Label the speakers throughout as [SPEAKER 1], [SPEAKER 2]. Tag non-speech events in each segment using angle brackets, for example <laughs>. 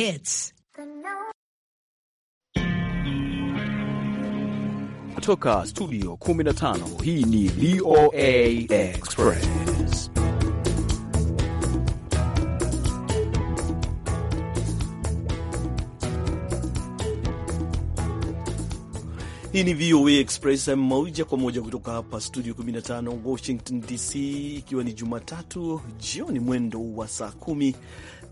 [SPEAKER 1] Hits.
[SPEAKER 2] Kutoka studio 15 hii ni VOA Express.
[SPEAKER 3] Hii ni VOA Express moja kwa moja kutoka hapa studio 15 Washington DC, ikiwa ni Jumatatu jioni mwendo wa saa kumi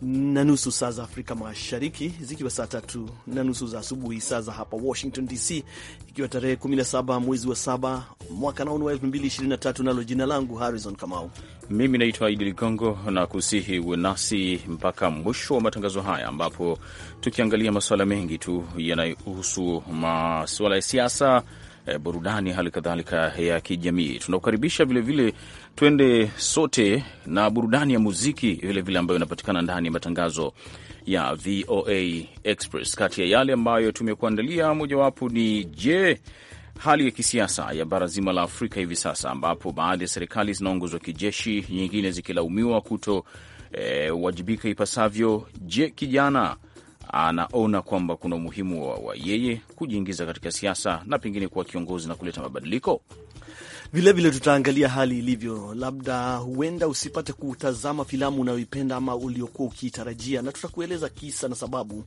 [SPEAKER 3] na nusu saa za Afrika Mashariki, zikiwa saa tatu na nusu za asubuhi saa za hapa Washington DC, ikiwa tarehe 17 mwezi wa saba mwaka naunu wa 2023. Nalo jina langu Harrison Kamau,
[SPEAKER 2] mimi naitwa Idi Ligongo na kusihi uwe nasi mpaka mwisho wa matangazo haya, ambapo tukiangalia masuala mengi tu yanayohusu masuala ya siasa Eh, burudani, hali kadhalika ya kijamii. Tunakukaribisha vilevile, twende sote na burudani ya muziki vilevile ambayo inapatikana ndani ya matangazo ya VOA Express. Kati ya yale ambayo tumekuandalia, mojawapo ni je, hali ya kisiasa ya bara zima la Afrika hivi sasa, ambapo baadhi ya serikali zinaongozwa kijeshi, nyingine zikilaumiwa kuto e, wajibika ipasavyo. Je, kijana anaona kwamba kuna umuhimu wa, wa yeye kujiingiza katika siasa na pengine kuwa kiongozi na kuleta mabadiliko.
[SPEAKER 3] Vilevile tutaangalia hali ilivyo, labda huenda usipate kutazama filamu unayoipenda ama uliokuwa ukiitarajia, na tutakueleza kisa na sababu,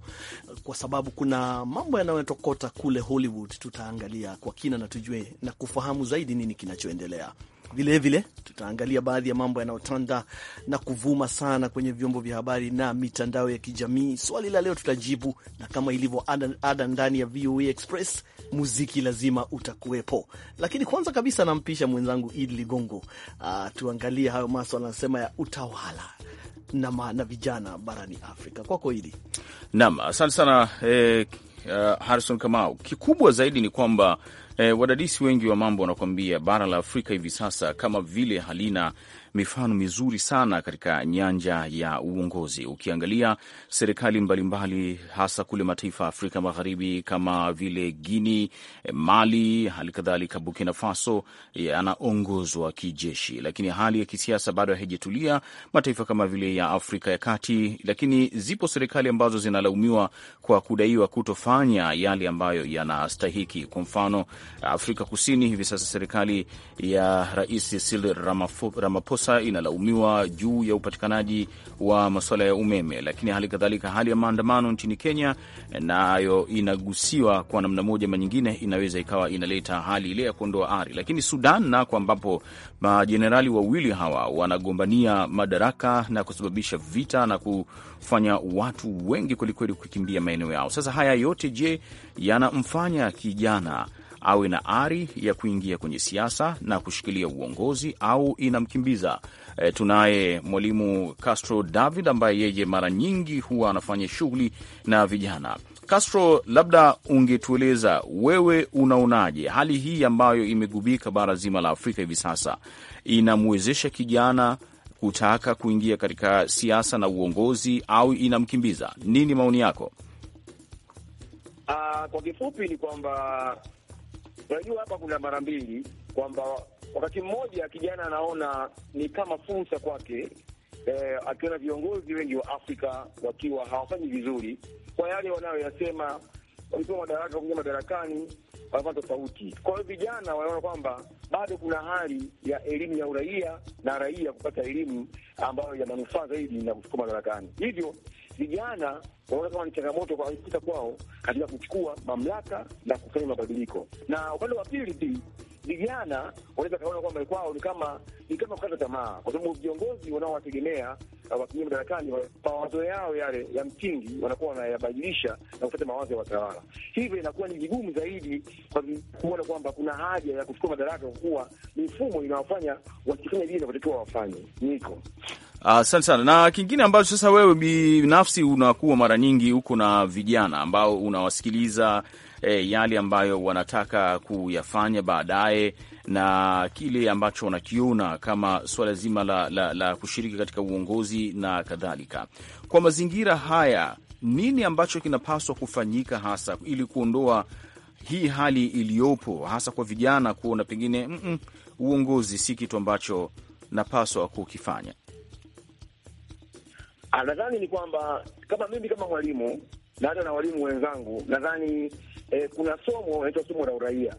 [SPEAKER 3] kwa sababu kuna mambo yanayotokota kule Hollywood. Tutaangalia kwa kina na tujue na kufahamu zaidi nini kinachoendelea. Vilevile tutaangalia baadhi ya mambo yanayotanda na kuvuma sana kwenye vyombo vya habari na mitandao ya kijamii. Swali la leo tutajibu, na kama ilivyo ada, ada ndani ya VOA Express, muziki lazima utakuwepo. Lakini kwanza kabisa nampisha mwenzangu Idi Ligongo ah, tuangalie hayo maswala anasema ya utawala na, na vijana barani Afrika. Kwako Idi.
[SPEAKER 2] Naam, asante sana eh, uh, Harrison Kamau. Kikubwa zaidi ni kwamba E, wadadisi wengi wa mambo wanakuambia bara la Afrika hivi sasa kama vile halina mifano mizuri sana katika nyanja ya uongozi. Ukiangalia serikali mbalimbali, hasa kule mataifa ya Afrika Magharibi kama vile Guini, eh, Mali, hali kadhalika Burkina Faso, eh, yanaongozwa kijeshi, lakini hali ya kisiasa bado haijatulia mataifa kama vile ya Afrika ya Kati. Lakini zipo serikali ambazo zinalaumiwa kwa kudaiwa kutofanya yale ambayo yanastahiki. Kwa mfano Afrika Kusini hivi sasa serikali ya Rais Cyril Ramaphosa inalaumiwa juu ya upatikanaji wa masuala ya umeme, lakini hali kadhalika hali ya maandamano nchini Kenya nayo na inagusiwa kwa namna moja ama nyingine, inaweza ikawa inaleta hali ile ya kuondoa ari. Lakini Sudan nako ambapo majenerali wawili hawa wanagombania madaraka na kusababisha vita na kufanya watu wengi kwelikweli kukimbia maeneo yao. Sasa haya yote je, yanamfanya kijana awe na ari ya kuingia kwenye siasa na kushikilia uongozi au inamkimbiza. E, tunaye mwalimu Castro David ambaye yeye mara nyingi huwa anafanya shughuli na vijana. Castro, labda ungetueleza wewe unaonaje hali hii ambayo imegubika bara zima la Afrika hivi sasa inamwezesha kijana kutaka kuingia katika siasa na uongozi au inamkimbiza? Nini maoni yako?
[SPEAKER 4] Uh, kwa kifupi ni kwamba Unajua, hapa kuna mara mbili kwamba wakati mmoja kijana anaona ni kama fursa kwake, eh, akiona viongozi wengi wa Afrika wakiwa hawafanyi vizuri kwa yale wanayoyasema, wakipewa madaraka, kuingia madarakani wanafanya tofauti. Kwa hiyo vijana wanaona kwamba bado kuna hali ya elimu ya uraia na raia kupata elimu ambayo ya manufaa zaidi na kusukuma madarakani, hivyo vijana wanaona kama ni changamoto kwa kupita kwao katika kuchukua mamlaka na kufanya mabadiliko, na upande wa pili vijana wanaweza kaona kwamba kwao ni kama ni kama kukata tamaa, kwa sababu viongozi wanaowategemea uh, wakiingia madarakani, mawazo yao yale ya msingi wanakuwa wanayabadilisha na kufuata mawazo ya watawala. Hivyo inakuwa ni vigumu zaidi kuona kwamba kuna haja ya kuchukua madaraka, kwa kuwa mifumo inawafanya wakifanya vile inavyotakiwa wafanye. Niko
[SPEAKER 2] asante uh, sana. Na kingine ambacho sasa wewe binafsi unakuwa mara nyingi huko na vijana ambao unawasikiliza e, yale ambayo wanataka kuyafanya baadaye na kile ambacho wanakiona kama suala zima la, la, la kushiriki katika uongozi na kadhalika. Kwa mazingira haya, nini ambacho kinapaswa kufanyika hasa ili kuondoa hii hali iliyopo hasa kwa vijana kuona pengine mm -mm, uongozi si kitu ambacho napaswa kukifanya?
[SPEAKER 4] Ah, nadhani ni kwamba kama mimi kama mwalimu na hata na walimu wenzangu, nadhani eh, kuna somo inaitwa somo la uraia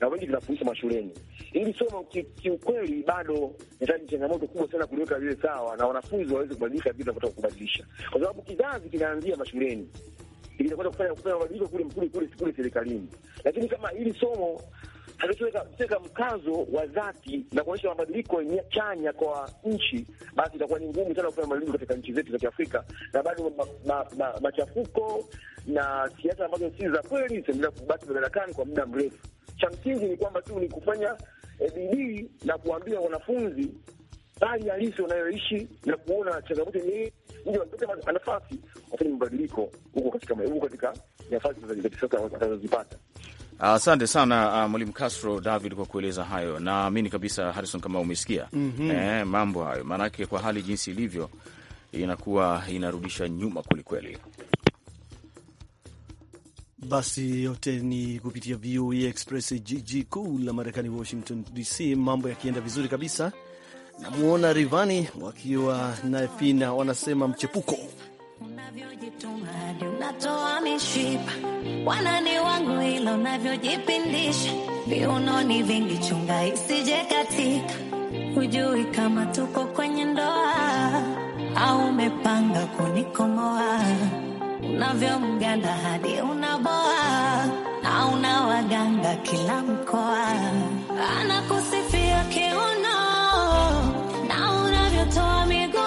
[SPEAKER 4] na wengi tunafundisha mashuleni. Hili somo kiukweli, ki bado inahitaji changamoto kubwa sana kuliweka vile sawa, na wanafunzi waweze kubadilisha vitu vinavyotaka kubadilisha, kwa sababu kizazi kinaanzia mashuleni, ili kufanya kufanya mabadiliko kule kule kule serikalini, lakini kama hili somo tukiweka mkazo wa dhati na kuonyesha mabadiliko yenye chanya kwa nchi, basi itakuwa ni ngumu sana kufanya mabadiliko katika nchi zetu za Kiafrika, na bado machafuko na siasa ambazo si za kweli zitaendelea kubaki madarakani kwa muda mrefu. Cha msingi ni kwamba tu ni kufanya bidii na kuambia wanafunzi hali halisi wanayoishi na kuona changamoto ni ndio wanapata nafasi wafanye mabadiliko huko katika huko katika nafasi wanazozipata.
[SPEAKER 2] Asante uh, sana uh, mwalimu Castro David kwa kueleza hayo. Naamini kabisa Harrison, kama umesikia mm -hmm. eh, mambo hayo, maanake kwa hali jinsi ilivyo inakuwa inarudisha nyuma kwelikweli.
[SPEAKER 3] Basi yote ni kupitia VOA e Express, jiji kuu la Marekani, Washington DC. Mambo yakienda vizuri kabisa, namwona Rivani wakiwa na wanasema mchepuko
[SPEAKER 5] Mradi unatoa mishipa wanani wangu ilo navyojipindisha viunoni vingi chunga isije katika hujui kama tuko kwenye ndoa au umepanga kunikomoa unavyomganda hadi unaboa na una waganga kila mkoa anakusifia kiuno na unavyotoa migo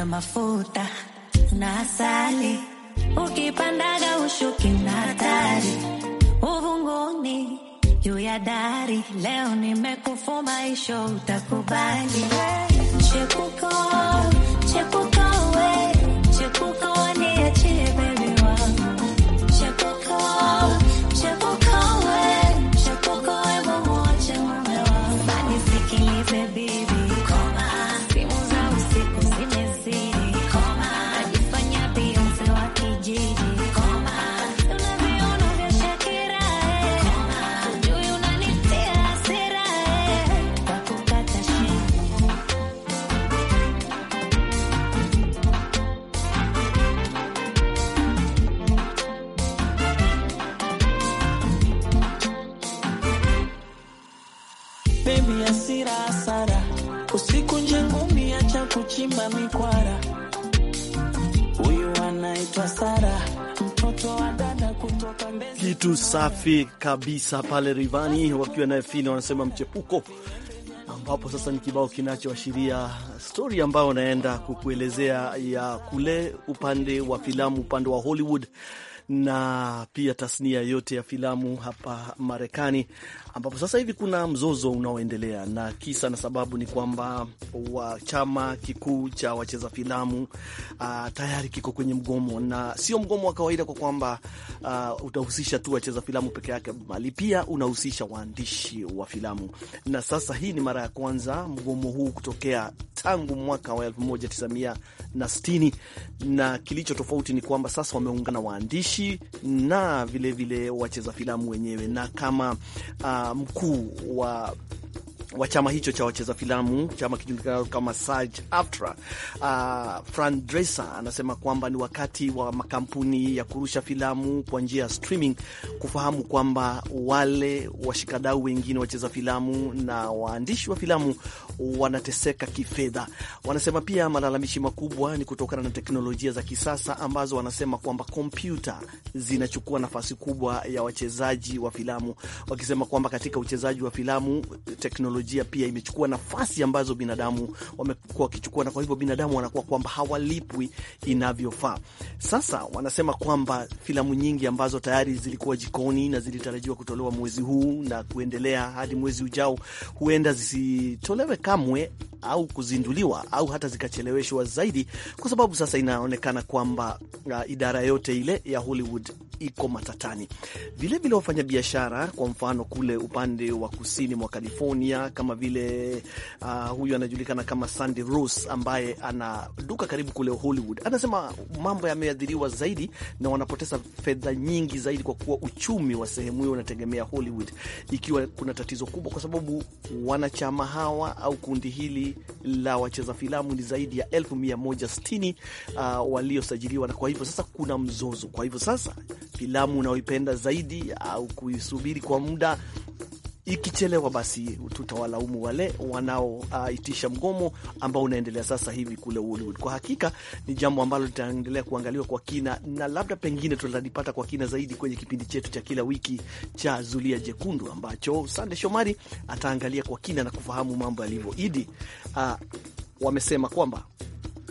[SPEAKER 5] na mafuta na asali, ukipandaga ushuki na hatari, uvunguni juu ya dari. Leo nimekufumaisho, utakubali. Chepuko, chepuko we, chepuko
[SPEAKER 6] kuchimba mikwara.
[SPEAKER 1] Huyu anaitwa Sara, mtoto wa dada
[SPEAKER 3] kutoka Mbezi. Kitu safi kabisa pale Rivani wakiwa naye Fina wanasema mchepuko ambapo sasa ni kibao kinachoashiria stori ambayo naenda kukuelezea ya kule upande wa filamu, upande wa Hollywood na pia tasnia yote ya filamu hapa Marekani, ambapo sasa hivi kuna mzozo unaoendelea, na kisa na sababu ni kwamba chama kikuu cha wacheza filamu uh, tayari kiko kwenye mgomo, na sio mgomo wa kawaida kwa kwamba uh, utahusisha tu wacheza filamu peke yake, bali pia unahusisha waandishi wa filamu. Na sasa hii ni mara ya kwanza mgomo huu kutokea tangu mwaka wa 1960 na kilicho tofauti ni kwamba sasa wameungana waandishi na vilevile wacheza filamu wenyewe, na kama uh, mkuu wa wa chama hicho cha wacheza filamu, chama kijulikanacho kama SAG AFTRA. Uh, Fran Dresser anasema kwamba ni wakati wa makampuni ya kurusha filamu kwa njia ya streaming kufahamu kwamba wale washikadau wengine wacheza filamu na waandishi wa filamu wanateseka kifedha. Wanasema pia malalamishi makubwa ni kutokana na teknolojia za kisasa ambazo wanasema kwamba kompyuta zinachukua nafasi kubwa ya wachezaji wa filamu, wakisema kwamba katika uchezaji wa filamu teknolojia teknolojia pia imechukua nafasi ambazo binadamu wamekuwa wakichukua, na kwa hivyo binadamu wanakuwa kwamba hawalipwi inavyofaa. Sasa wanasema kwamba filamu nyingi ambazo tayari zilikuwa jikoni na zilitarajiwa kutolewa mwezi huu na kuendelea hadi mwezi ujao, huenda zisitolewe kamwe au kuzinduliwa au hata zikacheleweshwa zaidi, kwa sababu sasa inaonekana kwamba uh, idara yote ile ya Hollywood iko matatani. Vilevile wafanyabiashara, kwa mfano kule upande wa kusini mwa California, kama vile uh, huyu anajulikana kama Sandy Rose ambaye ana duka karibu kule Hollywood, anasema mambo yameathiriwa zaidi na wanapoteza fedha nyingi zaidi, kwa kuwa uchumi wa sehemu hiyo unategemea Hollywood, ikiwa kuna tatizo kubwa, kwa sababu wanachama hawa au kundi hili la wacheza filamu ni zaidi ya elfu mia moja sitini uh, waliosajiliwa, na kwa hivyo sasa kuna mzozo. Kwa hivyo sasa filamu unaoipenda zaidi au kuisubiri kwa muda ikichelewa basi tutawalaumu wale wanaoitisha uh, mgomo ambao unaendelea sasa hivi kule Hollywood. Kwa hakika ni jambo ambalo litaendelea kuangaliwa kwa kina, na labda pengine tutalipata kwa kina zaidi kwenye kipindi chetu cha kila wiki cha Zulia Jekundu, ambacho Sande Shomari ataangalia kwa kina na kufahamu mambo yalivyo. Idi, uh, ah, wamesema kwamba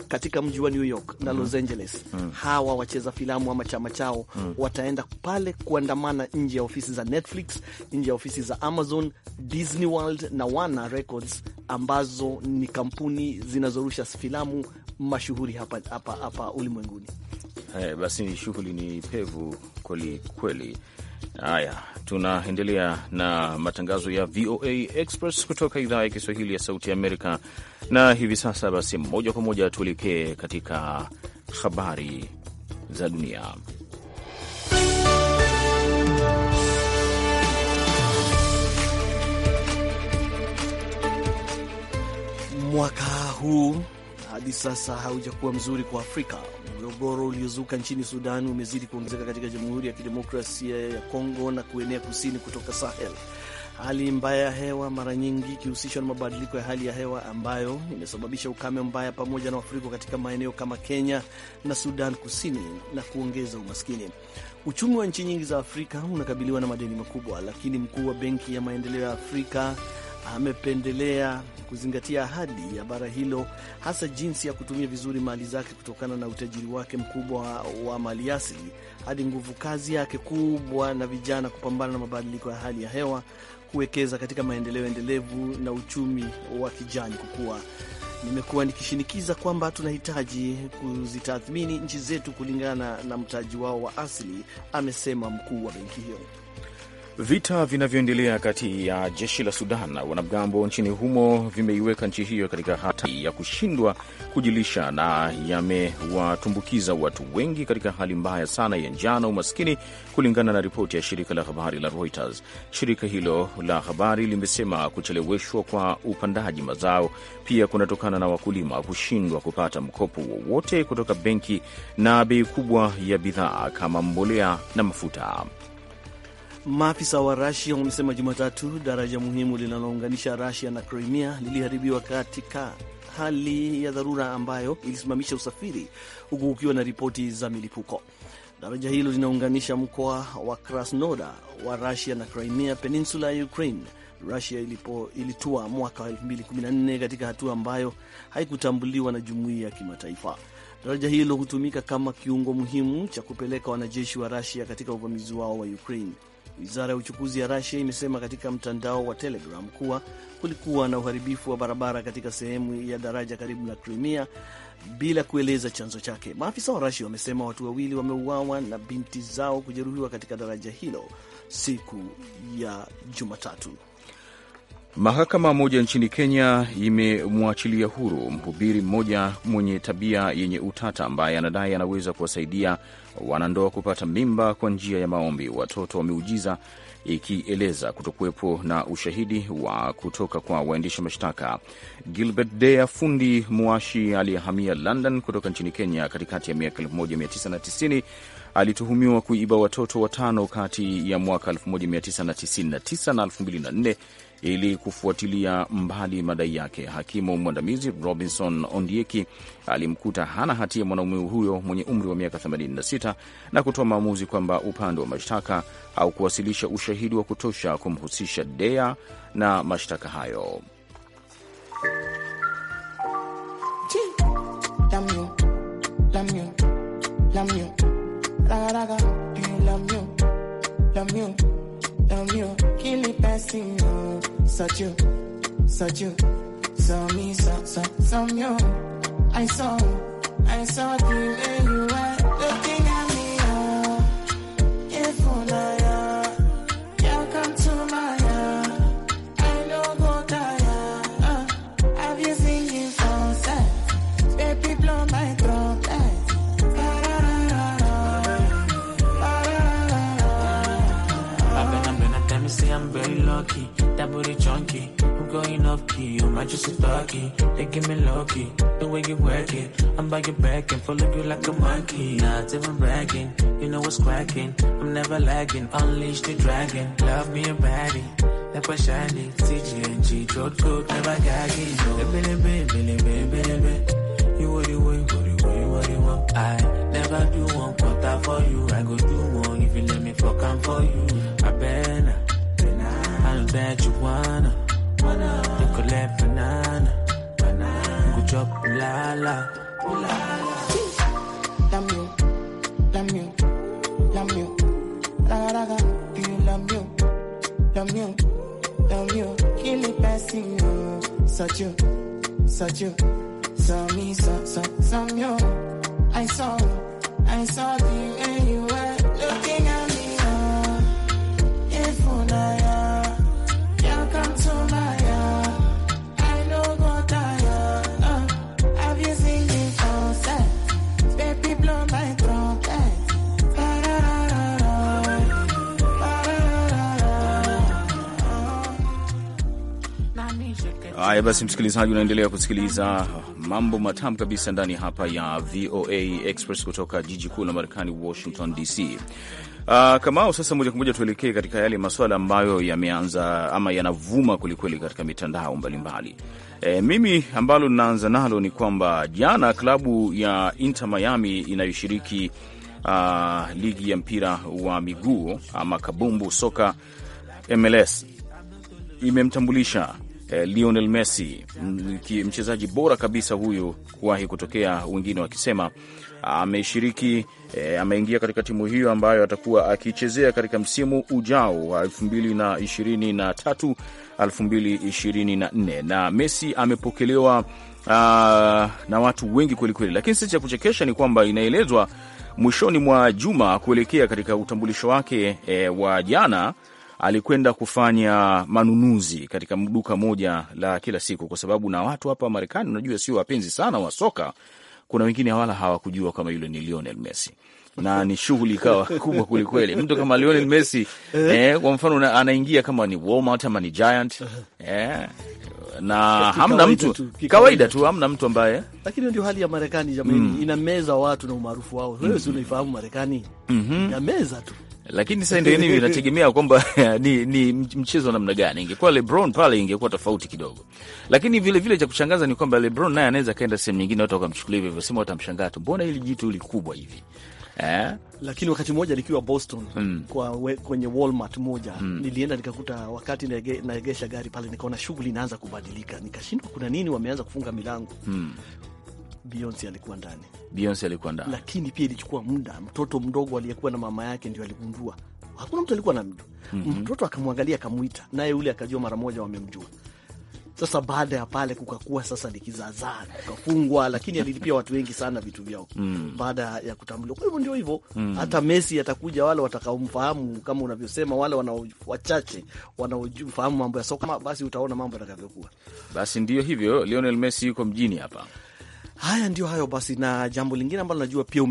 [SPEAKER 3] katika mji wa New York na Los mm-hmm. Angeles mm. hawa wacheza filamu ama chama chao mm. wataenda pale kuandamana nje ya ofisi za Netflix, nje ya ofisi za Amazon, Disney World na Warner Records ambazo ni kampuni zinazorusha filamu mashuhuri hapa, hapa, hapa ulimwenguni.
[SPEAKER 2] Hey, eh, basi shughuli ni pevu kweli kweli. Haya, tunaendelea na matangazo ya VOA Express kutoka idhaa ya Kiswahili ya Sauti ya Amerika, na hivi sasa basi, moja kwa moja tuelekee katika habari za dunia.
[SPEAKER 3] Mwaka huu hadi sasa haujakuwa mzuri kwa Afrika. Mgogoro uliozuka nchini Sudan umezidi kuongezeka katika Jamhuri ya Kidemokrasia ya Kongo na kuenea kusini kutoka Sahel. Hali mbaya ya hewa mara nyingi ikihusishwa na mabadiliko ya hali ya hewa ambayo imesababisha ukame mbaya pamoja na mafuriko katika maeneo kama Kenya na Sudan Kusini na kuongeza umaskini. Uchumi wa nchi nyingi za Afrika unakabiliwa na madeni makubwa, lakini mkuu wa Benki ya Maendeleo ya Afrika amependelea kuzingatia ahadi ya bara hilo, hasa jinsi ya kutumia vizuri mali zake kutokana na utajiri wake mkubwa wa mali asili hadi nguvu kazi yake kubwa na vijana, kupambana na mabadiliko ya hali ya hewa, kuwekeza katika maendeleo endelevu na uchumi wa kijani kukua. Nimekuwa nikishinikiza kwamba tunahitaji kuzitathmini nchi zetu kulingana na mtaji wao wa asili, amesema
[SPEAKER 4] mkuu wa benki hiyo.
[SPEAKER 2] Vita vinavyoendelea kati ya jeshi la Sudan na wanamgambo nchini humo vimeiweka nchi hiyo katika hatari ya kushindwa kujilisha na yamewatumbukiza watu wengi katika hali mbaya sana ya njaa na umaskini, kulingana na ripoti ya shirika la habari la Reuters. Shirika hilo la habari limesema kucheleweshwa kwa upandaji mazao pia kunatokana na wakulima kushindwa kupata mkopo wowote kutoka benki na bei kubwa ya bidhaa kama mbolea na mafuta.
[SPEAKER 3] Maafisa wa Rasia wamesema Jumatatu daraja muhimu linalounganisha Rasia na Crimea liliharibiwa katika hali ya dharura ambayo ilisimamisha usafiri huku kukiwa na ripoti za milipuko. Daraja hilo linaunganisha mkoa wa krasnoda wa Rasia na Crimea peninsula ya Ukraine. Rusia ilipo ilitua mwaka wa 2014 katika hatua ambayo haikutambuliwa na jumuiya ya kimataifa. Daraja hilo hutumika kama kiungo muhimu cha kupeleka wanajeshi wa Rusia katika uvamizi wao wa Ukraine. Wizara ya uchukuzi ya Rusia imesema katika mtandao wa Telegram kuwa kulikuwa na uharibifu wa barabara katika sehemu ya daraja karibu na Crimea bila kueleza chanzo chake. Maafisa wa Rusia wamesema watu wawili wameuawa na binti zao kujeruhiwa katika daraja hilo siku ya Jumatatu.
[SPEAKER 2] Mahakama moja nchini Kenya imemwachilia huru mhubiri mmoja mwenye tabia yenye utata ambaye anadai anaweza kuwasaidia wanandoa kupata mimba kwa njia ya maombi, watoto wa miujiza, ikieleza kutokuwepo na ushahidi wa kutoka kwa waendesha mashtaka. Gilbert Dea, fundi mwashi aliyehamia London kutoka nchini Kenya katikati ya miaka 1990 alituhumiwa kuiba watoto watano kati ya mwaka 1999 na 2004 ili kufuatilia mbali madai yake. Hakimu mwandamizi Robinson Ondieki alimkuta hana hatia mwanaume huyo mwenye umri wa miaka 86 na kutoa maamuzi kwamba upande wa mashtaka au kuwasilisha ushahidi wa kutosha kumhusisha Dea na mashtaka hayo.
[SPEAKER 6] blessing, oh. Such you, such you, saw me, saw, saw, saw me, oh. I saw, I saw you and you.
[SPEAKER 1] that booty chunky. I'm going up key, you might just a doggy. They give me lucky, the way you work it. I'm by your back and follow you like a monkey. Not even bragging, you know what's cracking. I'm never lagging, unleash the dragon. Love me a baddie. that was shiny CGNG, throat coat, never gagging. No, baby, baby, baby, baby. baby, You what you want, what you want, what you want. I never do one quarter for you. I go do one if you let me fuck for you that you wanna. They call it banana. Good job, la la.
[SPEAKER 6] Love you, you, you. La la la, do you love you? Love you, love you. Kill passing you. Such you, such you. Saw me, saw, saw, saw you. I saw, I saw you.
[SPEAKER 2] Haya eh, basi, msikilizaji, unaendelea kusikiliza mambo matamu kabisa ndani hapa ya VOA Express kutoka jiji kuu la Marekani, Washington DC. Uh, ah, Kamao, sasa moja kwa moja tuelekee katika yale masuala ambayo yameanza ama yanavuma kwelikweli katika mitandao mbalimbali. E, mimi ambalo ninaanza nalo ni kwamba jana klabu ya Inter Miami inayoshiriki uh, ligi ya mpira wa miguu ama kabumbu soka MLS imemtambulisha Eh, Lionel Messi, mchezaji bora kabisa huyu kuwahi kutokea, wengine wakisema ameshiriki e, ameingia katika timu hiyo ambayo atakuwa akichezea katika msimu ujao wa 2023 2024 na Messi amepokelewa Uh, na watu wengi kwelikweli, lakini sisi cha kuchekesha ni kwamba inaelezwa mwishoni mwa juma kuelekea katika utambulisho wake e, wa jana alikwenda kufanya manunuzi katika duka moja la kila siku, kwa sababu na watu hapa Marekani unajua sio wapenzi sana wa soka, kuna wengine wala hawakujua kama yule ni Lionel Messi na ni shughuli ikawa <laughs> kubwa kwelikweli. Mtu kama Lionel Messi eh, eh kwa mfano anaingia kama ni Walmart ama ni Giant eh, eh na hamna mtu kawaida tu, hamna mtu ambaye,
[SPEAKER 3] lakini ndio hali ya Marekani jamani, mm. inameza watu na umaarufu wao. Wewe si mm-hmm. unaifahamu Marekani, mm-hmm. inameza tu
[SPEAKER 2] lakini sasa ndio nini, inategemea kwamba eh, ni, ni mchezo namna gani. Ingekuwa LeBron pale ingekuwa tofauti kidogo, lakini vile vile cha kushangaza ni kwamba LeBron naye anaweza akaenda sehemu nyingine, watu wakamchukulia hivyo hivyo, sema watamshangaa tu, mbona hili jitu likubwa hivi eh? Lakini wakati mmoja nikiwa Boston mm. kwa
[SPEAKER 3] we, kwenye Walmart moja mm. nilienda nikakuta, wakati naegesha gari pale, nikaona shughuli inaanza kubadilika, nikashindwa kuna nini, wameanza kufunga milango mm. Beyonce alikuwa ndani,
[SPEAKER 2] Beyonce alikuwa ndani,
[SPEAKER 3] lakini pia ilichukua muda. Mtoto mdogo aliyekuwa na mama yake ndio aligundua, hakuna mtu alikuwa anamjua. mm -hmm. Mtoto akamwangalia akamwita, naye yule akajua mara moja wamemjua. Sasa baada ya pale kukakuwa sasa ni kizaazaa, kukafungwa, lakini alilipia watu wengi sana vitu vyao mm. baada ya kutambuliwa. Kwa hivyo ndio hivyo mm. hata Messi atakuja, wale watakaomfahamu kama unavyosema, wale wanao wachache wanaofahamu mambo ya soka, basi utaona mambo yatakavyokuwa.
[SPEAKER 2] Basi ndio hivyo, Lionel Messi yuko mjini hapa Haya ndio hayo basi. Na
[SPEAKER 3] jambo lingine ambalo najua pia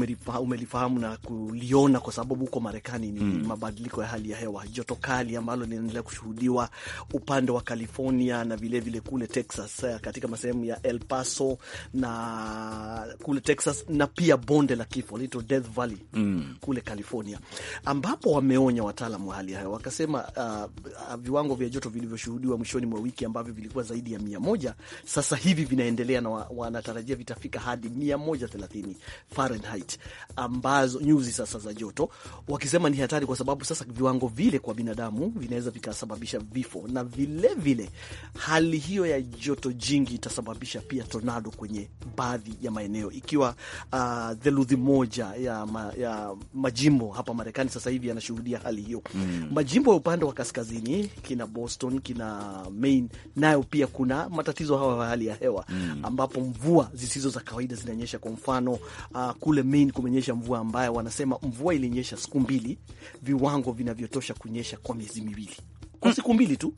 [SPEAKER 3] umelifahamu na kuliona kwa sababu huko Marekani ni mm, mabadiliko ya hali ya hewa, joto kali ambalo linaendelea kushuhudiwa upande wa California na vilevile vile kule Texas, eh, katika masehemu ya El Paso na kule Texas, na pia bonde la kifo lito Death Valley mm, kule California, ambapo wameonya wataalam wa hali ya hewa wakasema, uh, viwango vya joto vilivyoshuhudiwa mwishoni mwa wiki ambavyo vilikuwa zaidi ya mia moja sasa hivi vinaendelea na wanatarajia vita zinafika hadi 130 Fahrenheit, ambazo nyuzi sasa za joto, wakisema ni hatari kwa sababu sasa viwango vile kwa binadamu vinaweza vikasababisha vifo, na vilevile vile, hali hiyo ya joto jingi itasababisha pia tornado kwenye baadhi ya maeneo, ikiwa uh, theluthi moja ya, ma, ya majimbo hapa Marekani sasa hivi yanashuhudia hali hiyo mm. Majimbo ya upande wa kaskazini kina Boston, kina Maine, nayo pia kuna matatizo hawa ya hali ya hewa mm. ambapo mvua zisizo hizo za kawaida zinanyesha. Kwa mfano uh, kule Maine kumenyesha mvua ambayo wanasema mvua ilinyesha siku mbili, viwango vinavyotosha kunyesha kwa miezi miwili, kwa hmm. siku mbili tu.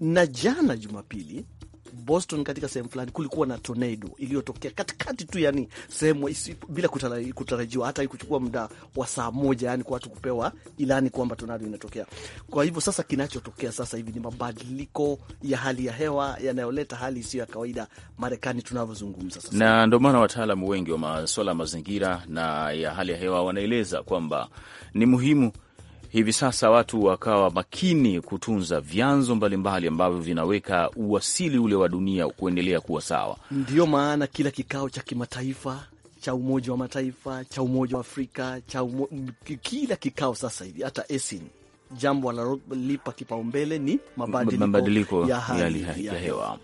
[SPEAKER 3] Na jana Jumapili Boston katika sehemu fulani kulikuwa na tornado iliyotokea katikati tu, yani sehemu bila kutarajiwa, hata ikuchukua muda wa saa moja, yani kwa watu kupewa ilani kwamba tornado inatokea. Kwa hivyo sasa, kinachotokea sasa hivi ni mabadiliko ya hali ya hewa yanayoleta hali isiyo ya kawaida Marekani tunavyozungumza sasa,
[SPEAKER 2] na ndio maana wataalamu wengi wa masuala ya mazingira na ya hali ya hewa wanaeleza kwamba ni muhimu hivi sasa watu wakawa makini kutunza vyanzo mbalimbali ambavyo vinaweka uwasili ule wa dunia kuendelea kuwa sawa.
[SPEAKER 3] Ndiyo maana kila kikao cha kimataifa cha Umoja wa Mataifa cha Umoja wa Afrika cha umo... kila kikao sasa hivi hata ESIN jambo analolipa kipaumbele ni mabadiliko, ya hali ya, ya hewa.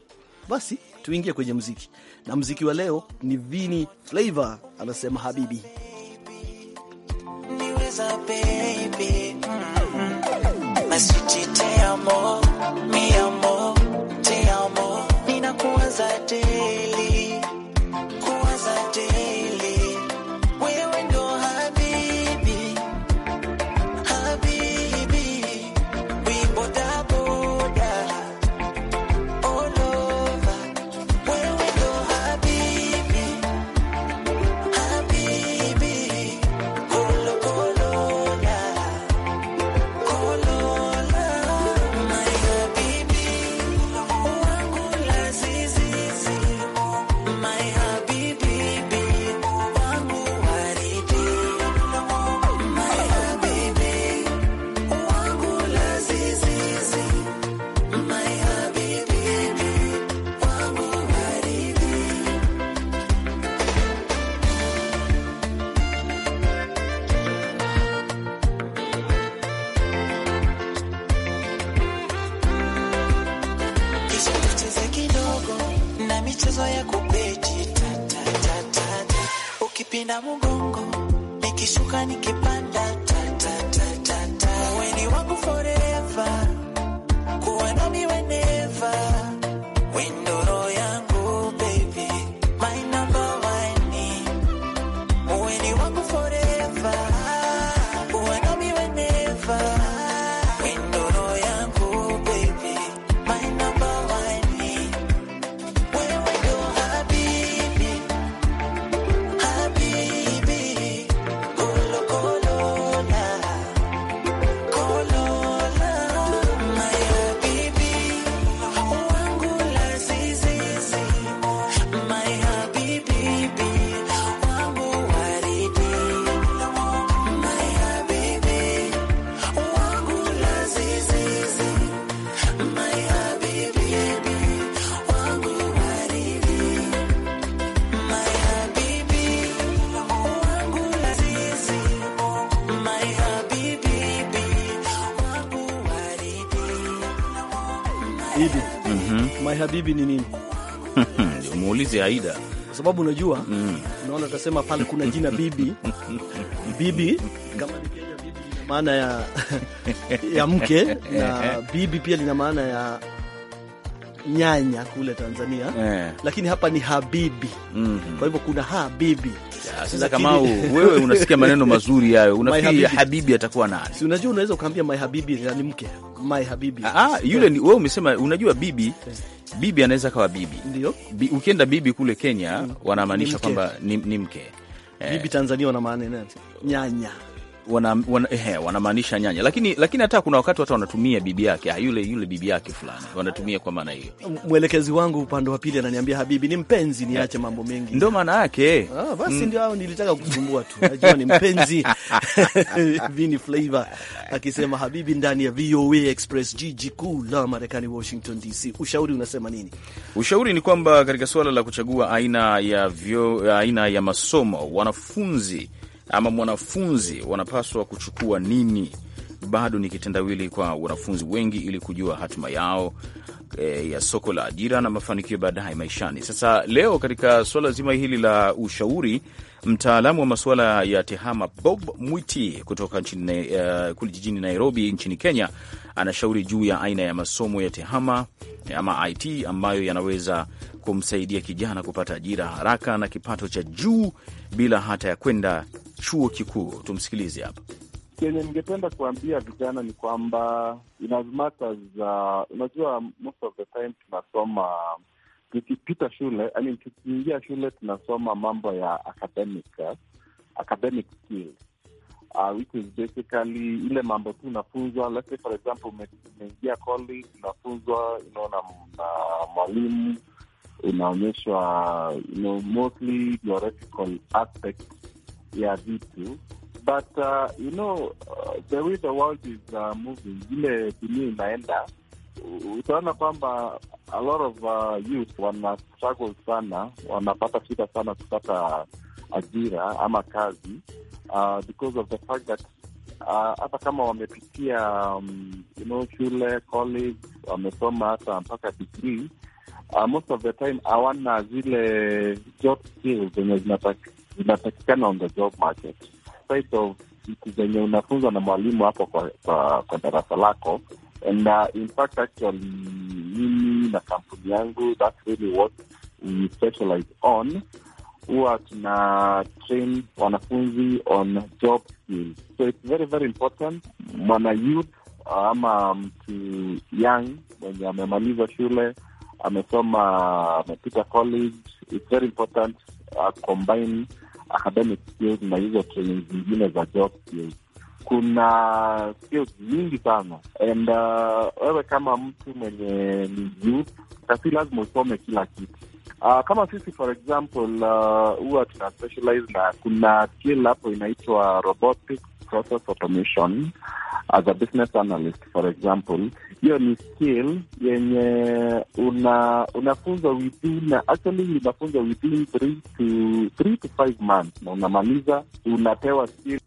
[SPEAKER 3] Basi tuingie kwenye mziki, na mziki wa leo ni Vini Flavor anasema habibi
[SPEAKER 1] Cheza baby, Messi mm-hmm. te amo, mi amo, te amo, ninakuwaza daily
[SPEAKER 3] habibi ni nini?
[SPEAKER 2] <laughs> Muulize Aida
[SPEAKER 3] kwa sababu unajua mm. Unaona, utasema pale kuna jina bibi <laughs> bibi kama maana ya, <laughs> ya mke na bibi pia lina maana ya nyanya kule Tanzania, yeah. Lakini hapa ni habibi mm -hmm. Kwa hivyo kuna habibi
[SPEAKER 2] sasa kama wewe unasikia maneno mazuri hayo, unafikiri habibi atakuwa nani? Si
[SPEAKER 3] unajua, unaweza ukaambia my habibi ni mke, my habibi ah, ah, yule ni
[SPEAKER 2] wewe. Umesema unajua, bibi eh. bibi anaweza kawa bibi, ndio Bi, ukienda bibi kule Kenya mm. wanamaanisha kwamba ni mke. Eh. Bibi
[SPEAKER 3] Tanzania wanamaanisha nyanya
[SPEAKER 2] wanamaanisha wana, wana nyanya, lakini lakini hata kuna wakati watu wanatumia bibi yake ah, yule yule bibi yake fulani wanatumia kwa maana hiyo.
[SPEAKER 3] Mwelekezi wangu upande wa pili ananiambia habibi ni mpenzi, niache mambo mengi,
[SPEAKER 2] ndo maana yake.
[SPEAKER 3] Ah, basi mm. ndio hao nilitaka kukusumbua tu, najua ni mpenzi <laughs> <laughs> Vini Flavor akisema habibi ndani ya VOA Express, jiji kuu la Marekani, Washington DC. Ushauri unasema nini?
[SPEAKER 2] Ushauri ni kwamba katika suala la kuchagua aina ya vyo, aina ya masomo wanafunzi ama mwanafunzi wanapaswa kuchukua nini bado ni kitendawili kwa wanafunzi wengi ili kujua hatima yao e, ya soko la ajira na mafanikio baadaye maishani. Sasa leo katika suala zima hili la ushauri Mtaalamu wa masuala ya tehama Bob Mwiti kutoka nchini, uh, jijini Nairobi nchini Kenya anashauri juu ya aina ya masomo ya tehama ama IT ambayo yanaweza kumsaidia kijana kupata ajira haraka na kipato cha juu bila hata ya kwenda chuo kikuu. Tumsikilize hapa.
[SPEAKER 7] Kenye ningependa kuambia vijana ni kwamba in uh, unajua most of the time tunasoma tukipita shule, I tukiingia shule tunasoma mambo ya academic eh, academic skills Uh, which is basically ile mambo tu unafunzwa, let's say for example, umeingia college unafunzwa, you know, na mwalimu unaonyeshwa, you know, mostly theoretical aspect ya vitu but uh, you know uh, the way the world is uh, moving, ile dunia inaenda utaona kwamba a lot of uh, youth wana struggle sana, wanapata shida sana kupata ajira ama kazi uh, because of the fact that uh, hata uh, kama wamepitia um, you know, shule college, wamesoma hata mpaka degree uh, most of the time hawana zile job skills zenye zinatakikana on the job market side of vitu zenye unafunzwa na mwalimu hapo kwa, kwa, kwa darasa lako na uh, in fact actually mimi na kampuni yangu that's really what we specialize on huwa tuna train wanafunzi on job skills. So it's very very important mwana youth uh, ama mtu young mwenye amemaliza shule amesoma amepita college, it's very important uh, combine academic skills na hizo training zingine za job skills kuna skills nyingi sana and uh, wewe kama mtu mwenye ni youth, si lazima usome kila kitu. Uh, kama sisi for example uh, huwa uh, tuna specialize na kuna skill hapo inaitwa robotic process automation as a business analyst for example. Hiyo ni skill yenye una unafunza within, actually unafunza within three to three to five months, na unamaliza unapewa skill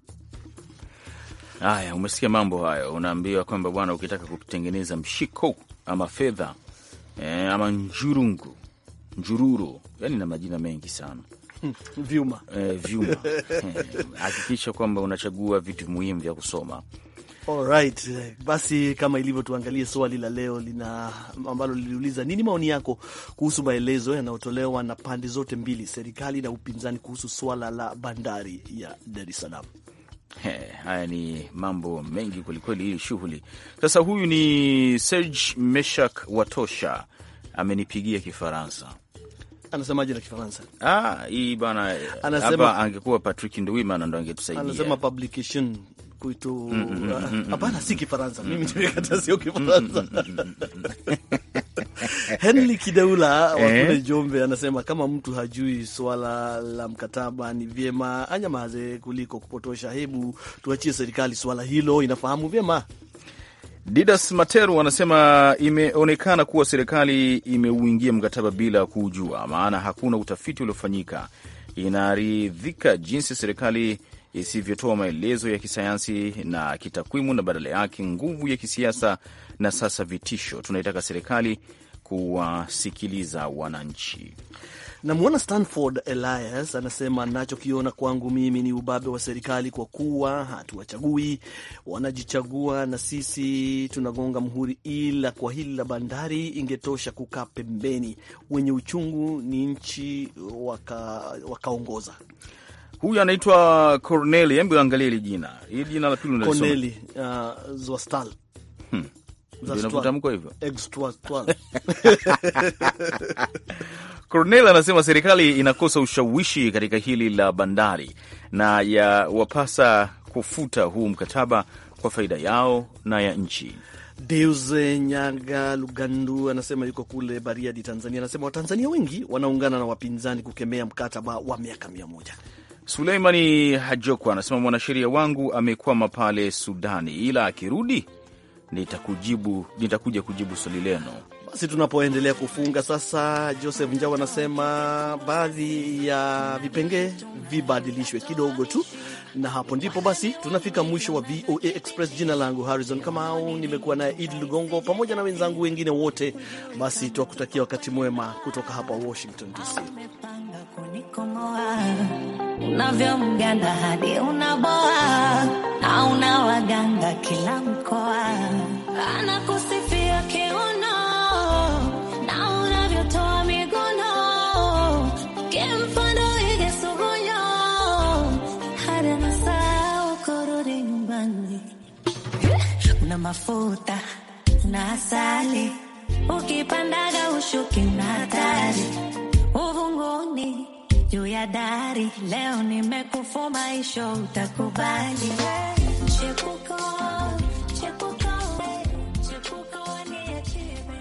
[SPEAKER 2] Haya, umesikia mambo hayo. Unaambiwa kwamba bwana, ukitaka kutengeneza mshiko ama fedha e, ama njurungu njururu, yani na majina mengi sana <laughs> vyuma e, vyuma <laughs> eh, hakikisha kwamba unachagua vitu muhimu vya kusoma.
[SPEAKER 3] Alright, basi kama ilivyo, tuangalie swali la leo lina ambalo liliuliza nini maoni yako kuhusu maelezo yanayotolewa na pande zote mbili, serikali na upinzani, kuhusu swala la bandari ya Dar es Salaam
[SPEAKER 2] haya ni mambo mengi kwelikweli, hii shughuli sasa. Huyu ni Serge Meshak Watosha, amenipigia Kifaransa.
[SPEAKER 3] Anasemaje la Kifaransa?
[SPEAKER 2] Ah, hii bana, anasema angekuwa Patrick Ndwimana ndo angetusaidia. Anasema
[SPEAKER 3] publication kuito, mm, mm, mm, hapana, si Kifaransa, mimi nimekata, sio Kifaransa <laughs> Henry Kideula wa eh? kule Njombe anasema kama mtu hajui swala la mkataba ni vyema anyamaze kuliko kupotosha. Hebu tuachie serikali swala hilo, inafahamu
[SPEAKER 2] vyema. Didas Materu anasema imeonekana kuwa serikali imeuingia mkataba bila kuujua, maana hakuna utafiti uliofanyika. Inaridhika jinsi serikali isivyotoa maelezo ya kisayansi na kitakwimu, na badala yake nguvu ya kisiasa na sasa vitisho. Tunaitaka serikali kuwasikiliza wananchi.
[SPEAKER 3] Namwona Stanford Elias anasema, nachokiona kwangu mimi ni ubabe wa serikali, kwa kuwa hatuwachagui, wanajichagua na sisi tunagonga mhuri. Ila kwa hili la bandari ingetosha kukaa pembeni, wenye uchungu ni nchi wakaongoza waka
[SPEAKER 2] Huyu anaitwa Corneli, hebu angalia hili jina, hili jina la pili Corneli
[SPEAKER 3] uh, Zwastal hmm.
[SPEAKER 2] hivyo <laughs> Cornel anasema serikali inakosa ushawishi katika hili la bandari na ya wapasa kufuta huu mkataba kwa faida yao na ya nchi.
[SPEAKER 3] Deus Nyaga Lugandu anasema yuko kule Bariadi, Tanzania. Anasema Watanzania wengi wanaungana na wapinzani kukemea mkataba wa miaka mia moja.
[SPEAKER 2] Suleimani Hajokwa anasema mwanasheria wangu amekwama pale Sudani, ila akirudi nitakujibu, nitakuja kujibu swali lenu. Basi tunapoendelea
[SPEAKER 3] kufunga sasa, Joseph Njau anasema baadhi ya vipengee vibadilishwe kidogo tu, na hapo ndipo basi tunafika mwisho wa VOA Express. Jina langu Harrison Kamau, nimekuwa naye Idi Lugongo pamoja na wenzangu wengine wote. Basi twakutakia wakati mwema kutoka hapa Washington DC
[SPEAKER 5] unavyomganda hadi unaboa, na una waganga kila mkoa, kiuno na unavyotoa miguno, kimfano ige sugunyo, hadi nyumbani. Una mafuta na asali, ukipandaga ushuki na hatari uvunguni juu ya dari leo nimekufuma isho utakubali chepuko, chepuko.